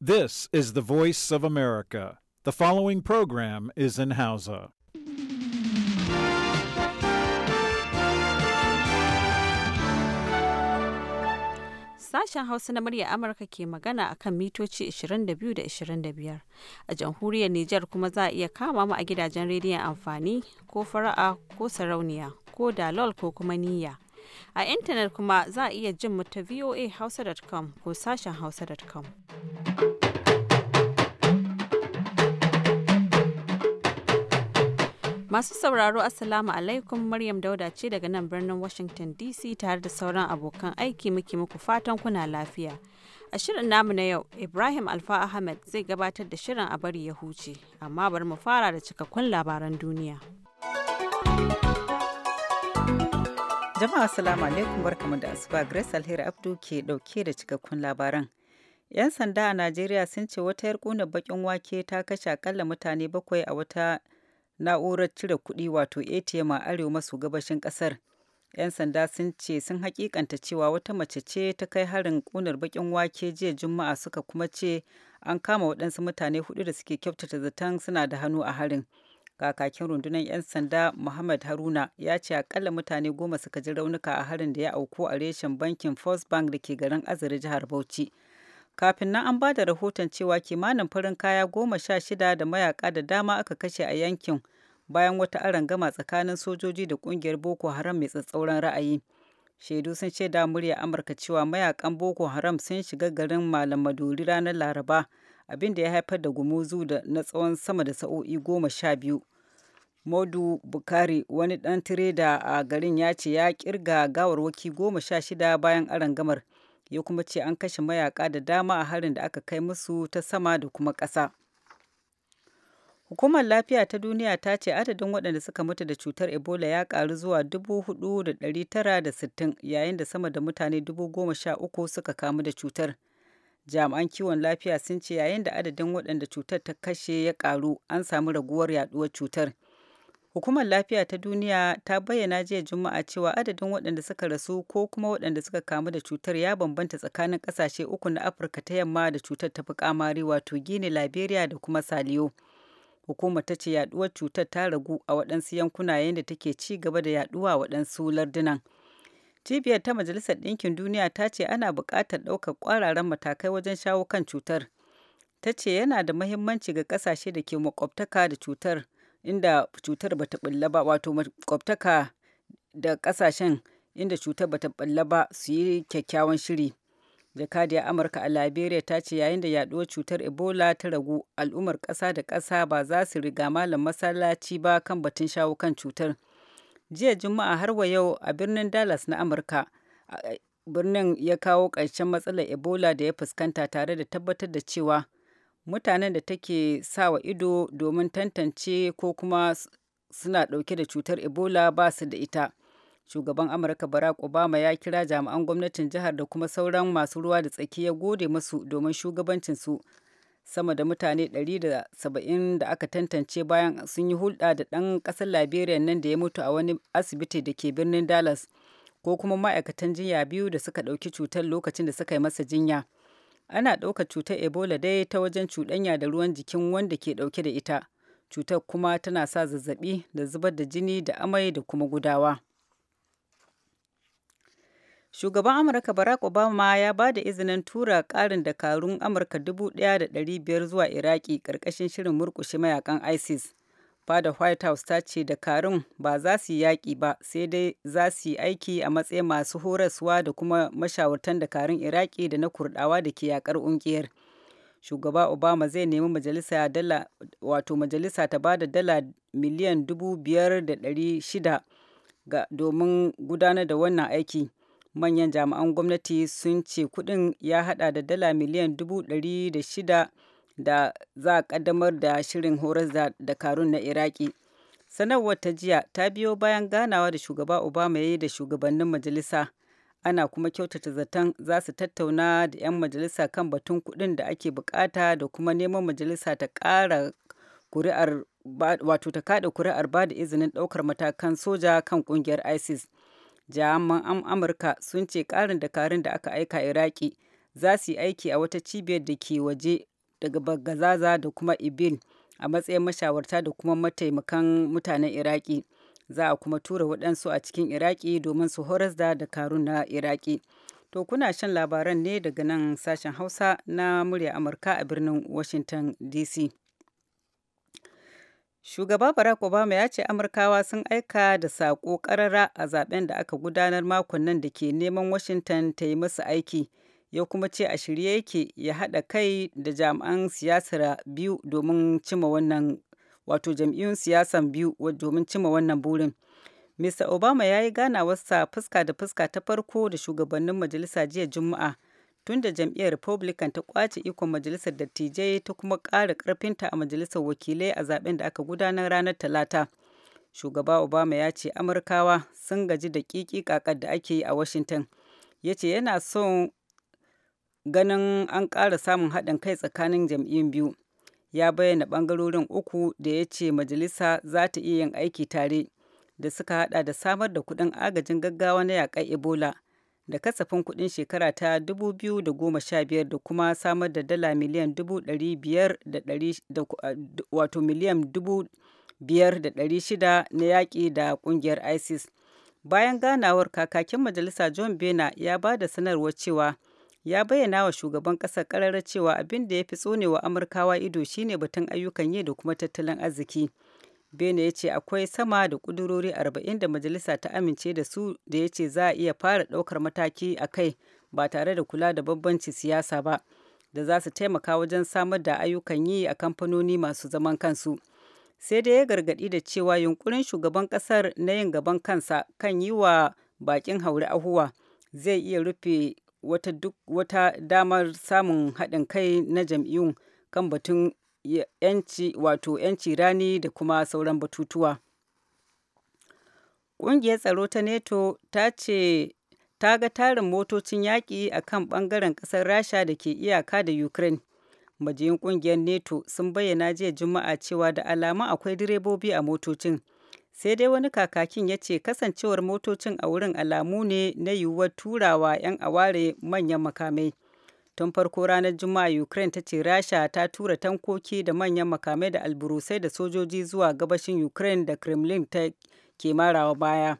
This is the voice of America. The following program is in Hausa. Sashen Hausa na murya Amurka ke magana akan mitoci 22 da 25. A jamhuriyar Nijar kuma za a iya kama mu a gidajen rediyon amfani ko fara'a ko sarauniya ko dalol ko kuma niyya. A intanet kuma za a iya jin mu ta voahausa.com ko sashen hausa.com. Masu sauraro Assalamu alaikum Maryam Dauda ce daga nan birnin Washington DC tare da sauran abokan aiki muke muku fatan kuna lafiya. A shirin namu na yau, Ibrahim Alfa Ahmed zai gabatar da shirin a bari ya huce, amma bari mu fara da cikakkun labaran duniya. Jama'a assalamu alaikum barkamu da asuba Grace Alheri Abdu ke dauke da cikakkun labaran. 'Yan sanda a Najeriya sun ce wata yar kuna bakin wake ta kashe akalla mutane bakwai a wata na'urar cire kuɗi wato ATM a arewa maso gabashin ƙasar. 'Yan sanda sun ce sun hakikanta cewa wata mace ce ta kai harin kunar bakin wake jiya Juma'a suka kuma ce an kama waɗansu mutane hudu da suke kyautata zaton suna da hannu a harin. kakakin rundunar 'yan sanda muhammad haruna ya ce akalla mutane goma suka ji raunuka a harin da ya auku a reshen bankin first bank da ke garin azare jihar bauchi kafin nan an ba da rahoton cewa kimanin farin kaya goma sha shida da mayaka da dama aka kashe a yankin bayan wata arangama tsakanin sojoji da kungiyar boko haram mai tsatsauran ra'ayi shaidu sun shaida murya amurka cewa mayakan boko haram sun shiga garin malam maduri ranar laraba abin da ya haifar da gumuzu na tsawon sama da sa'o'i goma sha biyu modu bukari wani ɗan tireda a garin ya ce ya kirga gawarwaki goma sha shida bayan aron gamar ya kuma ce an kashe mayaka da dama a harin da aka kai musu ta sama da kuma ƙasa. Hukumar Lafiya ta Duniya ta ce adadin waɗanda suka mutu da cutar Ebola ya ƙaru zuwa da sittin yayin da sama da mutane dubu goma sha uku suka kamu da cutar. jami'an kiwon lafiya sun ce yayin da adadin waɗanda cutar ta kashe ya karu an samu raguwar yaduwar cutar hukumar lafiya ta duniya ta bayyana jiya juma'a cewa adadin waɗanda suka rasu ko kuma waɗanda suka kamu da cutar ya bambanta tsakanin ƙasashe uku na afirka ta yamma da cutar ta fi kamari wato gini liberia da kuma saliyo hukumar ta ce yaduwar cutar ta ragu a waɗansu yankuna yayin da take ci gaba da yaduwa a waɗansu lardunan Cibiyar ta Majalisar Ɗinkin Duniya ta ce ana buƙatar ɗaukar ƙwararan matakai wajen shawo kan cutar. Ta ce yana da mahimmanci ga ƙasashe da ke makwabtaka da cutar inda cutar ba ta ɓulla ba wato makwabtaka da ƙasashen inda cutar ba ta ɓulla ba su yi kyakkyawan shiri. jakadiyar amurka a liberia ta ce yayin da yaɗuwar cutar ebola ta ragu al'ummar ƙasa da ƙasa ba za su riga malam masallaci ba kan batun shawo kan cutar jiya juma'a har wa yau a birnin dallas na amurka birnin ya kawo ƙarshen matsalar ebola da ya fuskanta tare da tabbatar da cewa mutanen da take sawa ido domin tantance ko kuma suna ɗauke da cutar ebola ba su da ita shugaban amurka barack obama ya kira jami'an gwamnatin jihar da kuma sauran masu ruwa da tsaki ya gode musu domin shugabancinsu sama da mutane 170 da aka tantance bayan sun yi hulɗa da ɗan ƙasar liberia nan da ya mutu a wani asibiti da ke birnin dallas ko kuma ma'aikatan jinya biyu da suka ɗauki cutar lokacin da suka yi masa jinya ana ɗaukar cutar ebola dai ta wajen cuɗanya da ruwan jikin wanda ke ɗauke da ita cutar kuma tana sa zazzaɓi da zubar da jini da amai da kuma gudawa Shugaban Amurka Barack Obama ya ba da izinin tura ƙarin dakarun Amurka 1,500 zuwa Iraki karkashin shirin murkushe mayakan ISIS. Fada White House ta ce dakarun ba za su yi yaƙi ba sai dai za su yi aiki a matsayin masu horaswa da kuma mashawartan dakarun Iraki da na kurdawa da ke yaƙar ƙungiyar. shugaba obama zai nemi majalisa wato majalisa ta ba da dala miliyan dubu biyar da domin gudanar da wannan aiki manyan jami'an gwamnati sun ce kudin ya hada da dala miliyan dubu ɗari da shida da za a kaddamar da shirin horar da dakarun na iraki sanarwar ta jiya ta biyo bayan ganawa da shugaba obama ya yi da shugabannin majalisa ana kuma kyautata zaton za su tattauna da 'yan majalisa kan batun kudin da ake bukata da kuma neman majalisa ta kara kuri'ar wato ta kada kuri'ar ba da izinin daukar matakan soja kan kungiyar isis jami'an amurka sun ce karin dakarun da aka aika iraki za su yi aiki a wata cibiyar da ke waje daga bagazaza da kuma ibil a matsayin mashawarta da kuma mataimakan mutanen iraki za a kuma tura waɗansu a cikin iraki domin su horas da dakarun na iraki to kuna shan labaran ne daga nan sashen hausa na murya amurka a birnin washington dc Shugaba Barack Obama ya ce Amurkawa sun aika da saƙo ƙarara a zaben da aka gudanar makon nan da ke neman Washington ta yi masa aiki, ya kuma ce a shirye yake ya haɗa kai da jami'an siyasar biyu domin cima wannan wato jam'iyyun siyasan biyu domin cima wannan burin. Mr. Obama ya yi ganawarsa fuska da fuska ta farko da shugabannin majalisa jiya Juma'a tunda da jam'iyyar republican ta kwace ikon majalisar dattijai ta kuma ƙara ƙarfinta a majalisar wakilai a zaben da aka gudanar ranar talata shugaba obama ya ce amurkawa sun gaji da ƙiƙi kakar da ake yi a washington ya ce yana son ganin an ƙara samun haɗin kai tsakanin jam'iyyun biyu ya bayyana ɓangarorin uku da ya ce majalisa za ta iya yin aiki tare da suka haɗa da samar da kuɗin agajin gaggawa na yaƙar ebola da kasafin kuɗin shekara ta 2015 da kuma samar da dala miliyan 5,600 na yaƙi da ƙungiyar isis bayan ganawar kakakin majalisa john bena ya ba da sanarwar cewa ya bayyana wa shugaban ƙasar ƙararra cewa abin da ya fi tsonewa amurkawa ido shine batun ayyukan yi da kuma tattalin arziki. Bene ya ce akwai sama da kudurori arba'in da majalisa ta amince da su da ya ce za a iya fara ɗaukar mataki a kai ba tare da kula da babbanci siyasa ba da za su taimaka wajen samar da ayyukan yi a kamfanoni masu zaman kansu. Sai dai ya gargaɗi da cewa yunkurin shugaban ƙasar na yin gaban kansa kan yi wa baƙin haure ahuwa zai iya rufe wata wata damar samun haɗin kai na jam'iyyun kan batun yanci wato yanci rani da kuma sauran batutuwa ƙungiyar tsaro ta neto ta ce ta ga tarin motocin yaƙi a kan ɓangaren ƙasar rasha da ke iyaka da ukraine majiyin ƙungiyar neto sun bayyana jiya juma'a cewa da alamu akwai direbobi a motocin sai dai wani kakakin ya ce kasancewar motocin a wurin alamu ne na yiwuwar turawa 'yan aware manyan makamai tun farko ranar juma'a ukraine ta ce rasha ta tura tankoki da manyan makamai da alburusai da sojoji zuwa gabashin ukraine da kremlin ta ke marawa baya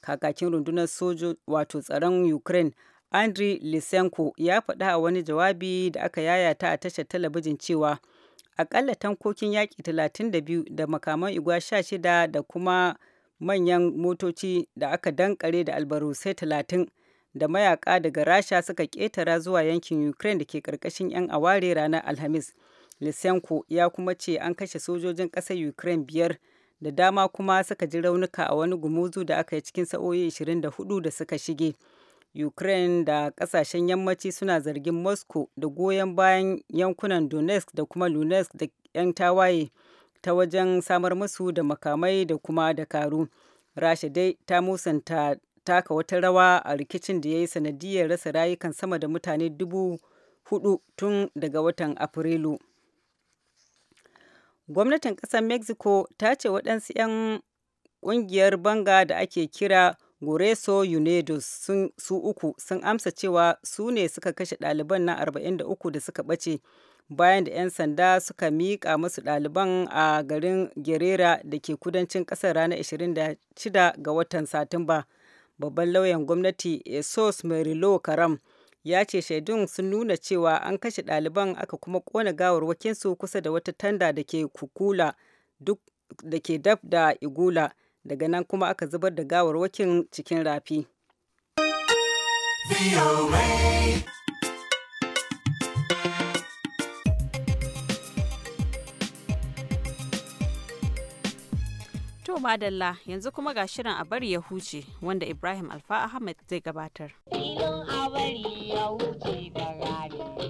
kakakin rundunar sojo wato tsaron ukraine andriy lisenko ya faɗa a wani jawabi da aka yayata a tashar talabijin cewa akalla tankokin yaƙi 32 da makaman igwa 16 da kuma manyan motoci da aka dankare da albarusai 30 da mayaka daga rasha suka ketara zuwa yankin ukraine da ke karkashin 'yan aware ranar alhamis lysenko ya kuma ce an kashe sojojin ƙasar ukraine biyar da dama kuma suka ji raunuka a wani gumuzu da aka yi cikin sa'o'i 24 da suka shige ukraine da kasashen yammaci suna zargin moscow da goyon bayan yankunan donetsk da kuma lunesk da 'yan tawaye ta wajen samar musu da makamai da kuma dakaru rasha dai ta musanta taka wata rawa a rikicin da ya yi sanadiyar rasa rayukan sama da mutane dubu hudu tun daga watan afrilu gwamnatin ƙasar mexico ta ce waɗansu 'yan ƙungiyar banga da ake kira goreso unidos su uku sun amsa cewa su ne suka kashe ɗaliban na 43 da suka ɓace bayan da 'yan sanda suka miƙa musu ɗaliban a garin gerera da ke kudancin ƙasar ranar 26 ga watan satumba. babban lauyan gwamnati esos merilo karam ya ce shaidun sun nuna cewa an kashe ɗaliban aka kuma ƙona gawarwakinsu kusa da wata tanda da ke kukula duk da ke daf da igula daga nan kuma aka zubar da gawarwakin cikin rafi. To madalla yanzu kuma ga shirin a bari ya huce wanda Ibrahim Alfa Ahmed zai gabatar. Ilon a bari ya huce da rari.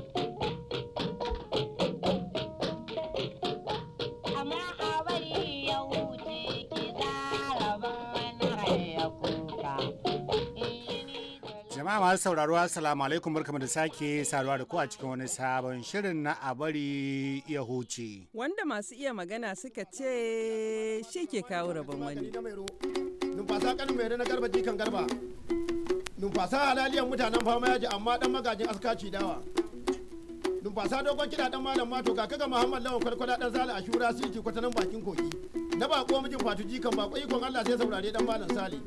Jama'a masu sauraro assalamu alaikum barkamu da sake saruwa da ku a cikin wani sabon shirin na a bari ya huce. Wanda masu iya magana suka ce shi ke kawo rabon wani. Numfasa kanin mai na garba jikan garba. Numfasa halaliyar mutanen fama yaji amma dan magajin askaci dawa. Numfasa dogon kiɗa dan malam mato ga kaga Muhammad Lawan kwalkwala dan zala ashura siki kwatanin bakin kogi. Na bako mijin fatu jikan bako ikon Allah sai saurare dan malam sali.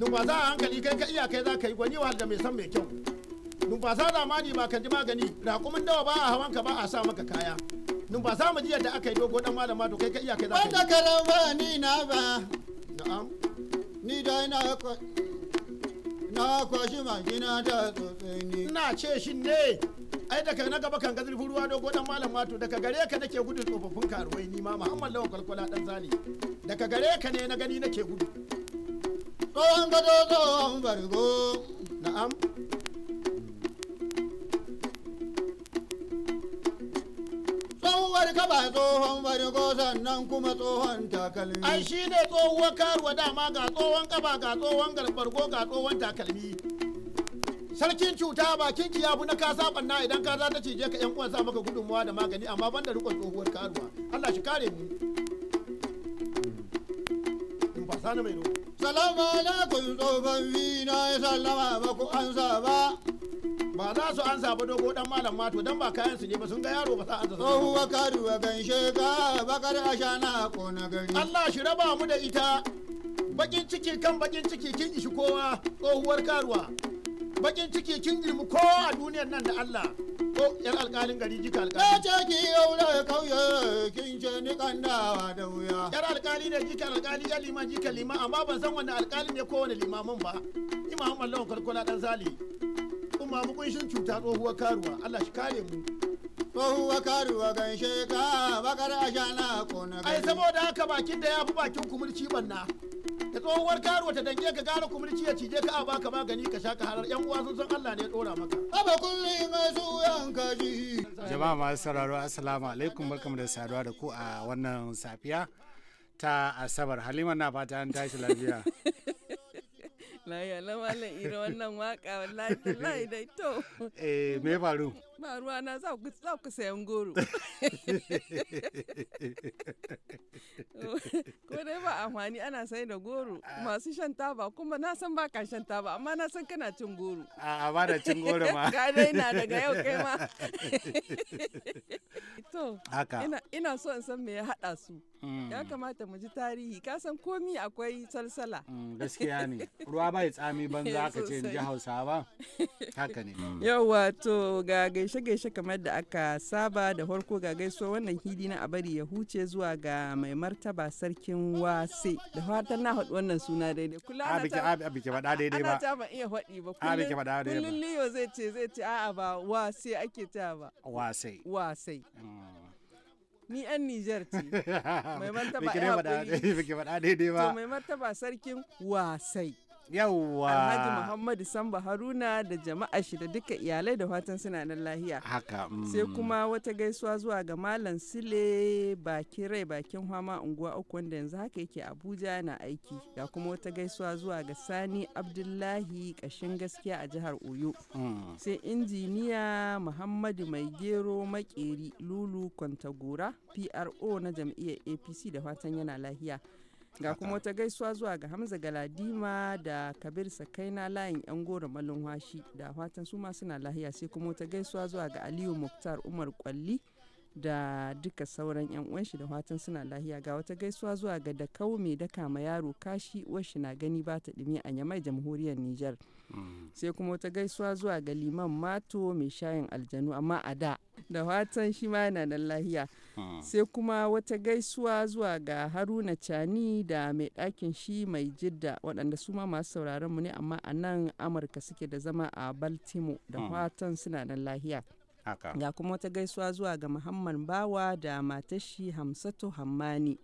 numfasa a hankali kai ka iya kai za ka yi gwani wa da mai san mai kyau numfasa zamani ba ka ji magani raƙumin dawa ba a hawan ka ba a sa maka kaya numfasa mu ji yadda aka yi dogo dan malama to kai ka iya kai za ka yi wanda ka ba ni na ba na'am ni ko na ma kwashi magina da tsotsini ina ce shi ne ai daga na gaba kan gazirfin ruwa dogo dan malam wato daga gare ka nake gudu tsofaffin karuwai ni ma muhammad lawan kwalkwala dan zali daga gare ka ne na gani nake gudu tsohon gado tsohon bargo na'am tsohuwar kaba tsohon bargo sannan kuma tsohon takalmi ai shi ne tsohuwar karuwa dama ga tsohon kaba ga tsohon bargo ga tsohon takalmi sarkin cuta bakin ki ya na kasa banna idan ka za ta cije ka yan uwan sa maka gudunmuwa da magani amma banda rikon tsohuwar karuwa Allah shi kare mu sani mai salamu na ya ba ku ansa ba ba za su ansa ba dogo dan malam to dan ba kayan su ne ba sun ga yaro ba sa ansa tsohu wa karu wa ganshe ka bakar ashana ko na gani. Allah shi raba mu da ita bakin ciki kan bakin ciki kin ishi kowa tsohuwar karuwa bakin ciki kin girmi ko a duniyar nan da Allah ko yar alkalin gari jika Ya ce ki yaura kauye kin ce ni kandawa da wuya yar alƙali ne jika alƙali ya liman jika liman amma ban san wani alkali ne ko wani limamin ba imam Allah kwalkwala dan zali kuma mu shin cuta tsohuwar karuwa Allah shi kare mu tsohuwar karuwa gan ka bakar ashana ko na ai saboda haka bakin da ya fi bakin kumurci banna da tsohuwar karuwa ta dange ka gara kumurci ya cije ka a baka magani ka sha ka harar yan uwa sun san Allah ne ya dora maka aba kullum masu yanka ji jama'a masu sauraro assalamu alaikum barkamu da saduwa da ku a wannan safiya ta asabar halima na fata an tashi lafiya lafiya na malam ira wannan waka wallahi dai to eh me faru ba ruwa na za ku sayan goro ko dai ba amfani ana sai da goro masu shan taba kuma na san ba ka shan taba amma na san kana cin goro a ba da cin goro ma ka daina daga yau kai ma to ina so in san me ya hada su mm. ya kamata mu ji tarihi ka san komi akwai salsala mm, gaskiya ne ruwa bai tsami banza eh, ka ce in ji hausa ba haka ne yawa to ga gaishe-gaishe kamar da aka saba da harko ga gaiso wannan hili na abari ya huce zuwa ga mai martaba sarkin wase da fatan na haɗu wannan suna daidai kula na ta abike faɗa daidai ba ta ban iya faɗi ba abike faɗa daidai ba kullun liyo zai ce zai ce a'a ba wase ake ta ba wase wase mm. ni yan Nijar ce mai martaba ya haƙuri mai martaba sarkin wasai yawwa alhaji muhammadu samba haruna da jama'a shi da duka iyalai da fatan suna nan lahiya haka mm. sai kuma wata gaisuwa zuwa ga malam sile baki rai bakin hama unguwa uku wanda yanzu haka yake abuja na aiki ga kuma wata gaisuwa zuwa ga sani abdullahi kashin gaskiya a jihar oyo mm. sai injiniya muhammadu mai gero makeri lulu kwantagora pro na jam'iyyar apc da fatan yana lahiya ga kuma wata gaisuwa zuwa ga hamza galadima da kabir na layin yan goro malin washi da fatan su suna lahiya sai kuma wata gaisuwa zuwa ga aliyu muktar umar kwalli da duka sauran yan uwan shi da fatan suna lahiya ga wata gaisuwa zuwa ga da kau mai daka ma yaro kashi uwarshi na gani ba ta dumi a yamai jamhuriyar Nijar. Mm. Sai kuma wata gaisuwa zuwa ga liman mato mai shayin aljanu amma a da da fatan shi ma yana nan lahiya. Mm. Sai kuma wata gaisuwa zuwa ga Haruna Cani da mai ɗakin shi mai jidda waɗanda su ma masu sauraron mu ne amma a nan Amurka suke da zama a Baltimore da mm. fatan suna nan lahiya. Ga kuma wata gaisuwa zuwa ga Muhammad Bawa da matashi Hamsatu Hammani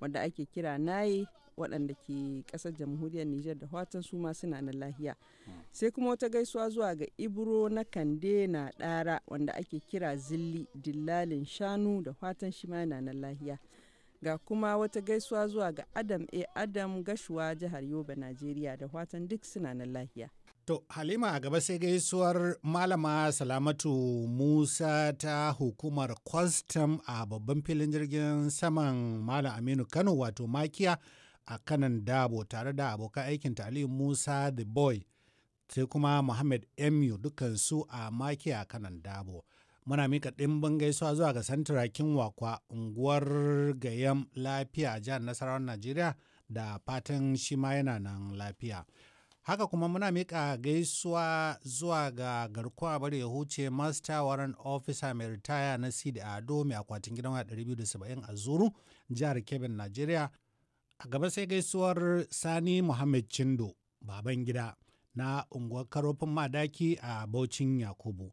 wanda ake kira Naye waɗanda ke ƙasar jamhuriyar Nijar da watan su ma suna na lahiya. Hmm. Sai kuma wata gaisuwa zuwa ga Ibro na Kande na ɗara wanda ake kira Zilli dillalin shanu da watan shi ma yana na lahiya. Ga kuma wata gaisuwa zuwa ga Adam A. Adam gashuwa jihar Yobe, Najeriya da watan duk suna na lahiya. To Halima a gaba sai gaisuwar Malama Salamatu Musa ta hukumar kwastam a babban filin jirgin saman Malam Aminu Kano wato makiya a kanan dabo tare da abokan aikin Aliyu Musa The Boy sai kuma Muhammad Emu dukansu a makiya a kanan dabo. Muna mika ɗimbin gaisuwa zuwa ga santirakin wakwa unguwar gayam lafiya jihar nasarawar Najeriya da fatan shima yana nan lafiya. Haka kuma muna miƙa gaisuwa zuwa ga garkuwa bari ya huce Master warren Officer mai ritaya na Sidi Ado mai akwatin gidan waya 270 a Zuru, jihar kebin Najeriya. A gaba sai gaisuwar Sani Muhammad Chindo, baban gida na unguwar Karofin Madaki a Baucin Yakubu.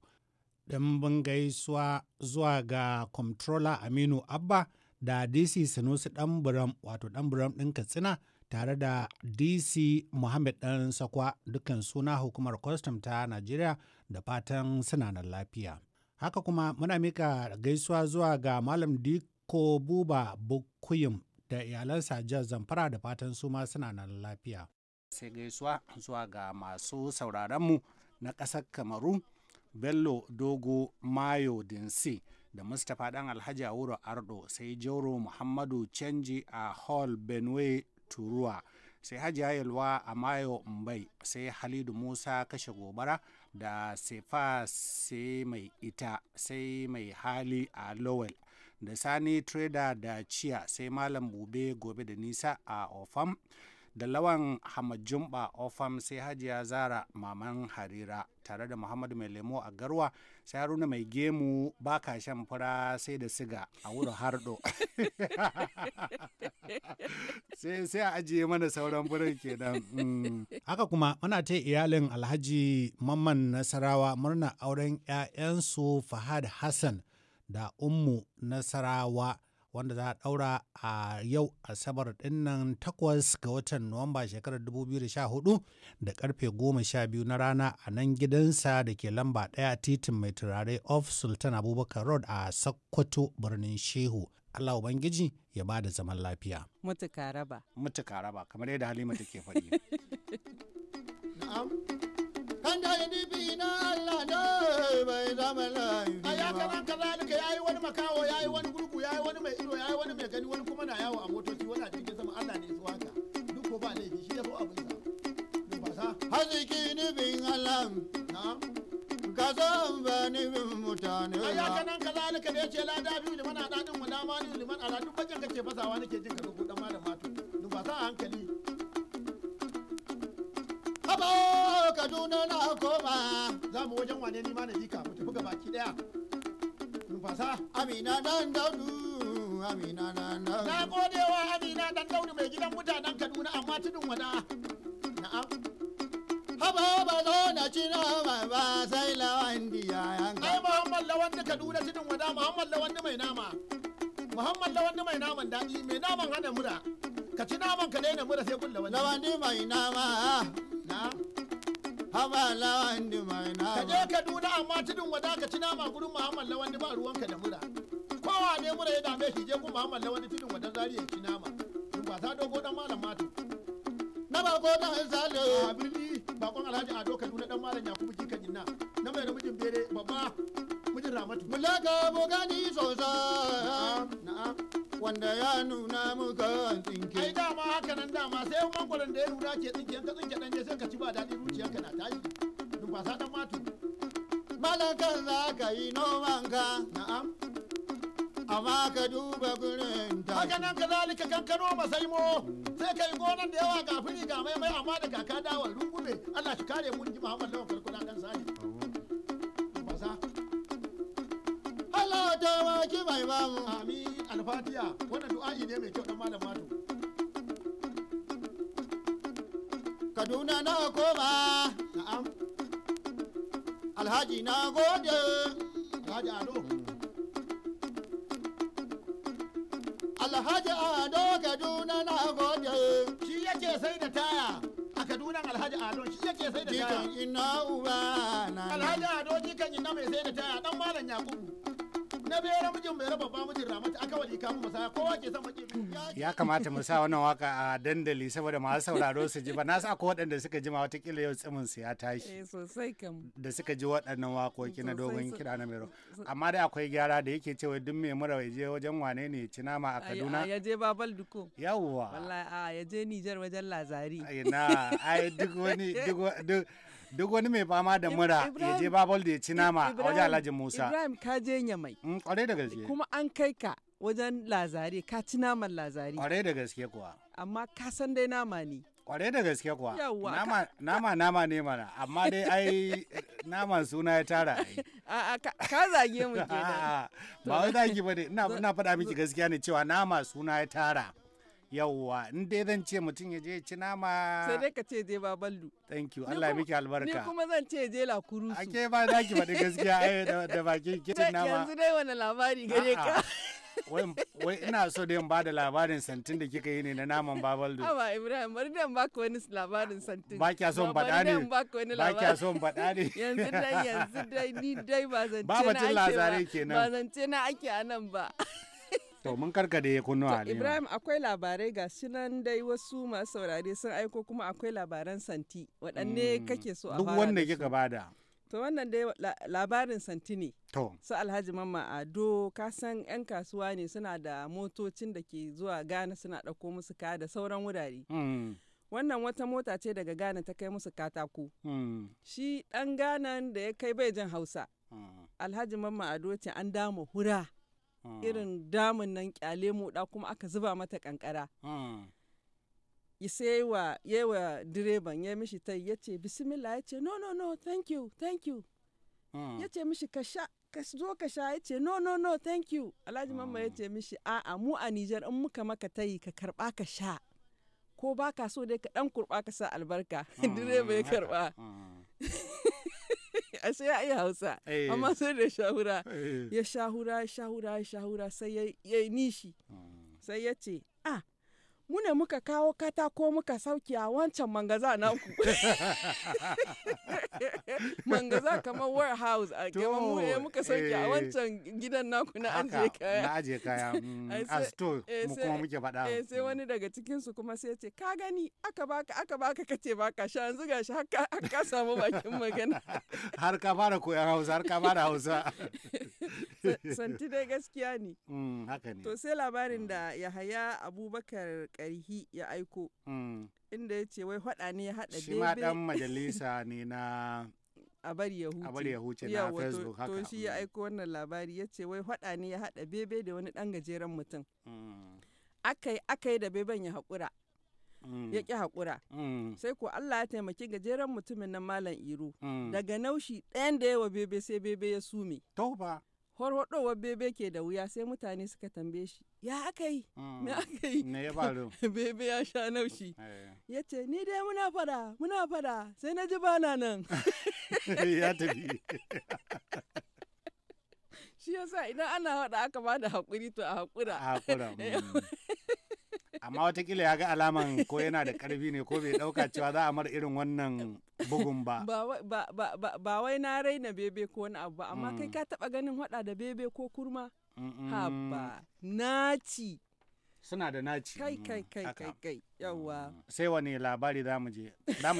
Ɗimbin gaisuwa zuwa ga Comptroller Aminu Abba da DC Sanusi buram wato buram ɗin Katsina tare da dc muhammad dan sakwa dukkan suna hukumar kwastam ta najeriya da fatan suna lafiya haka kuma muna mika gaisuwa zuwa ga malam diko buba Bukuyin da iyalansa jihar zamfara da fatan su ma suna lafiya sai gaisuwa zuwa ga masu sauraronmu na ƙasar kamaru bello dogo mayo dinsi da mustapha dan alhaji wuro ardo sai jauro muhammadu canji a hall benue turuwa sai hajiya yalwa a mayo mbai sai halidu musa kashe gobara da sefa sai mai ita sai mai hali a lowell da sani trader da chia sai malam bube gobe da nisa a ofam da lawan hamajumba ofam sai hajiya zara maman harira tare da muhammadu mai lemo a garwa Saruna mai gemu ba ka shan fura sai da siga a wurin hardo. Sai a ajiye mana sauran furar kenan. Mm. Haka kuma muna ta iyalin Alhaji Mamman Nasarawa murna auren 'ya'yansu Fahad Hassan da Ummu Nasarawa. wanda za a ɗaura a yau asabar dinnan takwas ga watan nuwamba shekarar 2014 da karfe 12 na rana a nan gidansa da ke lamba ɗaya titin mai turare of sultan abubakar road a sakkwato birnin shehu Allah Ubangiji ya ba da zaman lafiya. Mutuka raba. Mutuka raba, kamar yadda Halima take faɗi. kan da ya dibi na Allah ne bai zama laifi a ya kaman kaza duka yi wani makawo yi wani gurgu yi wani mai ido yi wani mai gani wani kuma na yawo a motoci wani a cikin sama Allah ne su haka duk ko ba laifi shi ya so abu sa ba sa haziki nubin Allah na'am kazan banibin mutane ba. Aya kanan kazalika da ya ce lada biyu liman a ɗaɗin mu dama ni liman a ɗaɗin bakin kake fasawa nake jin ka rubuta ma da matu. Duba sa hankali haba kaduna na koma za mu wajen wane ni ma na jika mu tafi gabaki daya rumfasa amina nan daudu amina nan daudu na godewa amina dan daudu mai gidan mutanen kaduna amma tudun wada na'am haba ba zo na ci nama ba sai lawan diya yanka ai muhammad lawan da kaduna tudun wada muhammad lawan mai nama muhammad lawan mai naman daɗi mai naman hana mura ka ci naman ka daina mura sai kulla wani lawandi mai nama na haba lawandi mai nama ka je kaduna amma tudun wada ka ci nama gurin muhammad lawandi ba ruwan ka da mura kowa ne mura ya dame shi je gun muhammad lawandi tudun wada zari ya ci nama tun ba ta dogo dan malam mata na ba ko dan salo a birni bakon alhaji ado kaduna dan malam yakubu jika jinna na mai namijin bere babba mijin ramatu mulaka bogani sosa na'am wanda ya nuna muka tsinke. Ai dama haka nan dama sai yan mangwaron da ya nuna ke tsinke yanka tsinke dan je sai ka ci ba daɗi zuciyarka na tayi. Numfasa dan matu. Malakan za ka yi no ka. Na'am. Amma ka duba gurin ta. Haka nan ka zalika kankano ba Sai mo ka yi gonan da yawa ga fili ga mai mai amma da kaka dawal rungume. Allah shi kare mu in ji Muhammad Lawan Farkuna kan sani. Numfasa. Allah ta waki mai bamu. Amin. alfatiya wannan du'a'i ne mai kyau dan malam mato kaduna na koma na'am alhaji na gode alhaji ado alhaji ado kaduna na gode shi yake sai da taya a kadunan alhaji ado shi yake sai da taya jikan ina uba na alhaji ado jikan ina mai sai da taya dan malam yakubu na bera mijin bai raba mijin ramata aka wali kamu musa kowa ke son baki ya kamata mu sa wannan waka a dandali saboda masu sauraro su ji ba na sa ko waɗanda suka ji jima watakila yau tsimin su ya tashi eh, sosai kam da suka ji waɗannan wakoki na dogon kiɗa na mero amma da akwai gyara da yake cewa duk mai mura ya je wajen wane ne cina ma a Kaduna ya je Babal Duko yawwa wallahi a ya je Nijar wajen Lazari ina ai duk wani duk duk wani mai fama da mura ya je babal da ya ci nama a wajen alhaji musa ibrahim ka je mai kwarai mm, da gaske kuma an kai ka wajen lazare ka ci naman lazare kwarai da gaske kuwa amma ka san dai nama ne kwarai da gaske kuwa nama nama ne mana amma dai ai nama suna ya tara ka zage mu da ba wai zagi ba ne ina faɗa miki gaskiya ne cewa nama suna ya tara yawwa in dai zan ce mutum ya je ci nama sai dai ka ce je ba ballu thank you Allah ya miki albarka ni kuma zan ce je la kurusu ake ba za ki faɗi gaskiya ai da ki ci nama yanzu dai wani labari gare ka wai ina so da yin ba da labarin santin da kika yi ne na naman babaldo. amma Ibrahim bari dan baka wani labarin santin. Ba kya son faɗa ne. Ba kya son faɗa ne. Yanzu dai yanzu dai ni dai ba zance na ake ba. Ba zance na ake a nan ba. To mun karkade kunnuwa ne. Ibrahim akwai labarai ga sunan dai wasu masu saurare sun aiko kuma akwai labaran santi waɗanne hmm. kake so a Duk wanda kika bada. To wannan dai labarin santi ne. To. Su Alhaji Mamma Ado ka san 'yan kasuwa ne suna da motocin da ke zuwa Ghana suna ɗauko musu kaya da sauran wurare. Hmm. wannan wata mota ce daga Ghana ta kai musu katako. Hmm. Shi ɗan ganan da ya kai bai jin Hausa. Alhaji Mamma Ado ce an dama hura Hmm. irin damun nan kyale moɗa kuma aka zuba mata kankara hmm. sai wa yawa direban ya mishi ta ya ce bismillah ya ce no no no thank you thank you hmm. ya ce mishi ka sha ka zo ka sha ya ce no no no thank you alhaji mamma ya ce mishi a'a mu a Nijar in muka maka yi ka karba ka sha ko ba ka so dai ka dan kurba ka sa albarka direba ya karba a sai ya iya hausa eh. amma sai da shahura ya shahura eh. ya shahura ya shahura sai ya yi nishi hmm. sai ya ce ah mu ne muka kawo katako muka sauki a wancan mangaza naku mangaza kamar warehouse a gaba mu ne muka sauki a eh. wancan gidan naku na ajiye kaya na ajiye kaya a mm, store mu eh, kuma muke faɗa eh, sai wani daga cikin su kuma sai ce ka gani aka baka aka baka kace baka sha yanzu gashi har ka samu bakin magana har ka fara koyan Hausa har ka fara Hausa santi dai gaskiya ne mm, haka ne to sai labarin da Yahaya Abubakar karhi ya aiko mm. inda ya ce wai faɗa ne ya haɗa daidai shi ma ɗan majalisa ne na a bari ya huce a bari ya huce na facebook haka to shi ya mm. aiko wannan labari ya ce wai faɗa ne ya haɗa bebe da wani ɗan gajeren mutum mm. akai akai da beben ya haƙura ya ƙi haƙura sai ko Allah ya taimaki gajeren mutumin nan malam iro daga naushi ɗayan da yawa bebe sai bebe ya sume horhodowar bebe ke da wuya sai mutane suka tambaye shi ya aka yi mm. me aka yi me ya faru bebe ya sha naushi eh. ya ce ni dai muna fada muna fada sai na ji bana nan ya tafi shi yasa idan ana hada aka ba da hakuri to a haƙura a hakura mm. amma watakila ya ga alaman ko yana da karfi ne ko bai dauka cewa za a mar irin wannan bugun ba ba wai na raina bebe ko wani abu ba amma mm. kai ka taba ganin hada da bebe ko kurma haba naci suna da naci kai mm, kai kai kai kai yawwa sai wani labari za mu je za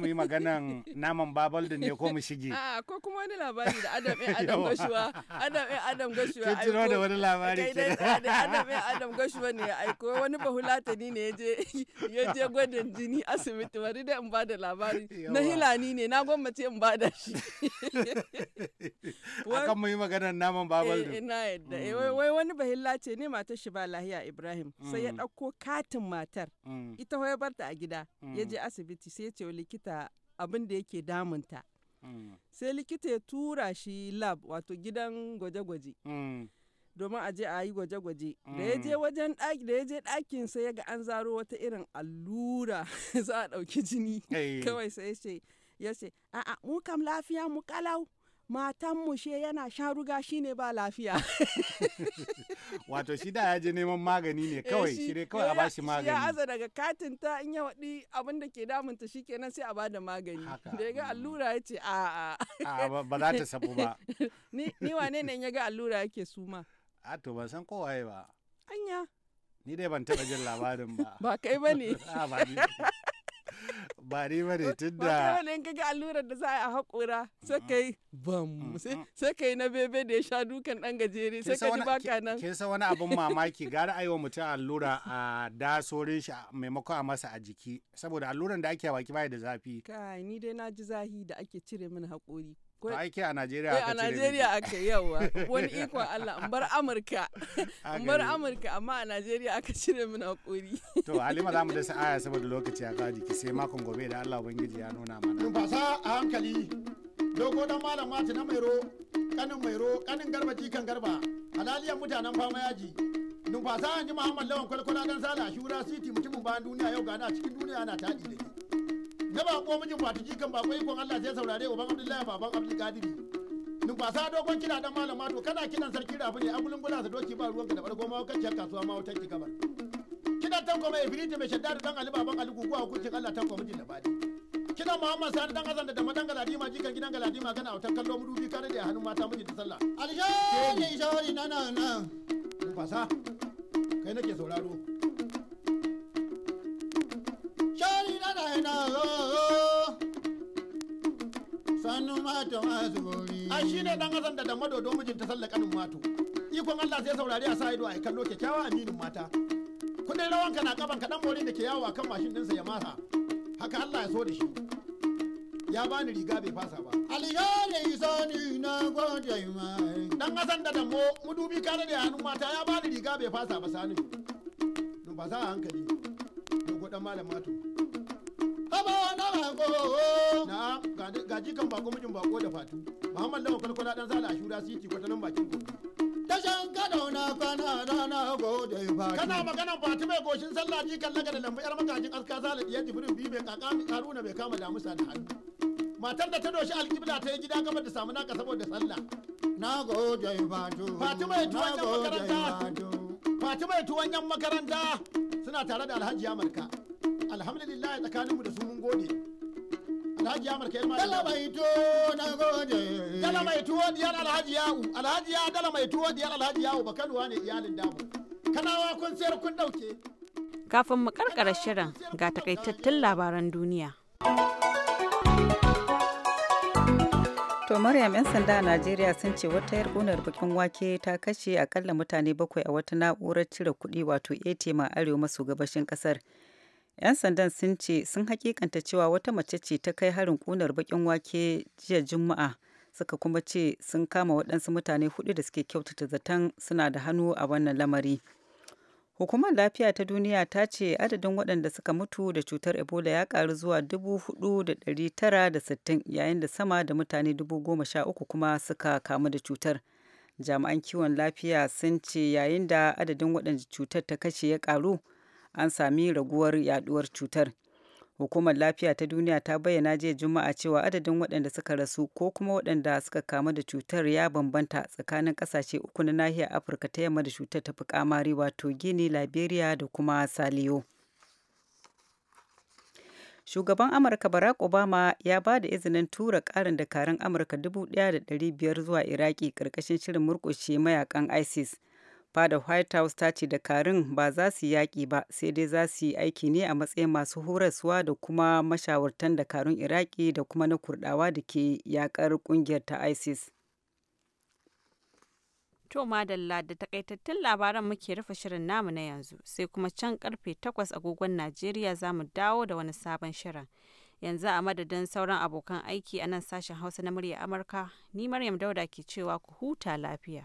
mu yi maganan naman babal da ne ko mu shige a ko kuma wani labari da adam ɗin eh, adam gashuwa adam ɗin eh, adam gashuwa kin tiro da wani labari ke da eh, adam ɗin adam gashuwa ne aiko wani bahulatani ne ya je ya je gwadin jini asibiti bari da in ba da labari na hilani ne na gwammace in ba da shi akan mu yi maganan naman babal da na yadda mm. wai wani bahillace ne matar shi ba lahiya Ibrahim sai ya mm. ɗauko katin matar mm. Mm. ita ya barta a gida ya mm. je asibiti sai ce likita abin da yake damunta mm. sai likita ya tura shi lab wato gidan gwaje-gwaje domin a je a yi gwaje-gwaje da ya je wajen ɗaki da ya je ɗakin sai ya ga an zaro wata irin allura za a ɗauki jini kawai sai ya ce a'a mu kam lafiya mu kalau matan she yana shan ruga shine ba lafiya wato shi da ya je neman magani ne eh, kawai shi dai kawai a ba shi magani ya aza daga katin ta in ya wadi abin da ke damunta kenan sai a ba da magani da ya ga allura ya ce a a ba za ta sabu ba ni wane ne ya ga allura yake suma a to ban san kowaye ba anya ni dai ban taba jin labarin ba ba kai ba ne ba ni ba ne tun da ba ne kaga allurar da za a yi a haƙura sai ka mm, mm. na bebe da ya sha dukan ɗan gajere sai ka ji baka nan kin san wani abin mamaki gara a yi wa mutum allura a dasorin shi maimakon a masa a jiki saboda alluran da ake a baki baya da zafi kai ni dai na ji zahi da ake cire min haƙori ta aiki a Najeriya eh, aka cire a Najeriya aka yawa wani ikon Allah in bar Amurka in bar Amurka amma a Najeriya aka cire min hakuri to Halima zamu da aya saboda lokaci ya kawo jiki sai makon gobe da Allah ubangiji ya nuna mana numfasa a hankali dogo dan malam mati na mairo kanin mairo kanin garba jikan garba halaliyan mutanen fama yaji numfasa an ji Muhammad Lawan kwalkwala dan sala shura city mutumin bayan duniya yau gana cikin duniya ana tadi da ke. ta bako mijin fatiki kan bako ikon Allah sai saurare uban Abdullahi baban Abdul Kadiri numfasa dogon kina dan malama to kana kidan sarki rabu ne abulun bula su doki ba ruwanka da bargo ma kacciyar kasuwa ma ki gabar kidan tanko mai ifiriti mai shaddadu dan Ali baban Ali Kuwa hukuncin Allah tanko mijin da badi kidan Muhammad sai dan Hassan da dama dan Galadima jikan gidan Galadima kana wutar kallo mu dubi. kare da hannun mata mijin ta sallah alshe ne shawari na na na numfasa kai nake sauraro mato asibori shi ne dan azan da damma dodo mijinta sallakanin mato ikon Allah sai saurari a sa ido a kallo kyakkyawa aminin mata kudin rawan kana kaban kaɗan morin da ke yawo a kan mashin ɗinsa ya masa haka Allah ya so da shi ya bani riga bai fasa ba aliyali sani na gode mai dan hasan da dambo mudubi kare da hannun mata ya bani riga bai fasa ba sani ba za a hankali dogo dan malam mato Haba na bako. Na gaji kan bako mijin bako da fatu. Muhammad Lawan kwalkwala dan zala ashura siti kwatanin bakin kogi. Tashan kano na kwana na gode fati. Kana magana fati mai goshin sallah ji kan laga da lambu yar makajin aska zala diyar jibrin bi mai kaka haruna bai kama damusa da hannu. Matar da ta doshi alkibla ta yi gida gabar da samu naka saboda sallah. Na gode fatu. Fati mai tuwon yan makaranta. fatu. mai tuwon yan makaranta. Suna tare da Alhaji Amurka. alhamdulillah mu da su mun gode alhaji ya marka ilma dala mai to na gode dala mai tuwo diyar alhaji yawo alhaji ya dala mai tuwo diyar alhaji yawo kanuwa ne iyalin damu kanawa kun sayar kun dauke kafin mu karkara shirin ga takaitattun labaran duniya To Maryam 'yan sanda a Najeriya sun ce wata yarkunar bakin wake ta kashe akalla mutane bakwai a wata na'urar cire kuɗi wato ATM a arewa maso gabashin kasar 'Yan sandan sun ce sun hakikanta cewa wata mace ce ta kai harin kunar bakin wake jiya Juma'a suka kuma ce sun kama waɗansu mutane hudu da suke kyautata zaton suna da hannu a wannan lamari. Hukumar Lafiya ta Duniya ta ce adadin waɗanda suka mutu da cutar Ebola ya ƙaru zuwa da sittin yayin da sama da mutane goma sha uku kuma suka kamu da cutar. Jami'an kiwon lafiya sun ce yayin da adadin waɗanda cutar ta kashe ya ƙaru, an sami raguwar yaduwar cutar hukumar lafiya ta duniya ta bayyana jiya juma'a cewa adadin waɗanda suka rasu ko kuma waɗanda suka kamu da cutar ya bambanta tsakanin ƙasashe uku na nahiyar afirka ta yamma da cutar ta fi kamari wato gini liberia da kuma saliyo shugaban amurka barack obama ya ba da izinin tura ƙarin dakarun amurka 1,500 zuwa iraki ƙarƙashin shirin murƙushe mayakan isis fada white house ta ce dakarun ba za su yaƙi ba sai dai za su yi aiki ne a matsayin masu horaswa da kuma mashawartan dakarun iraki da kuma na kurdawa da ke yaƙar ƙungiyar ta isis To madalla da takaitattun labaran muke rufe shirin namu na yanzu sai kuma can karfe 8 agogon Najeriya za mu dawo da wani sabon shirin. Yanzu a madadin sauran abokan aiki a nan sashen Hausa na murya Amurka, ni Maryam Dauda ke cewa ku huta lafiya.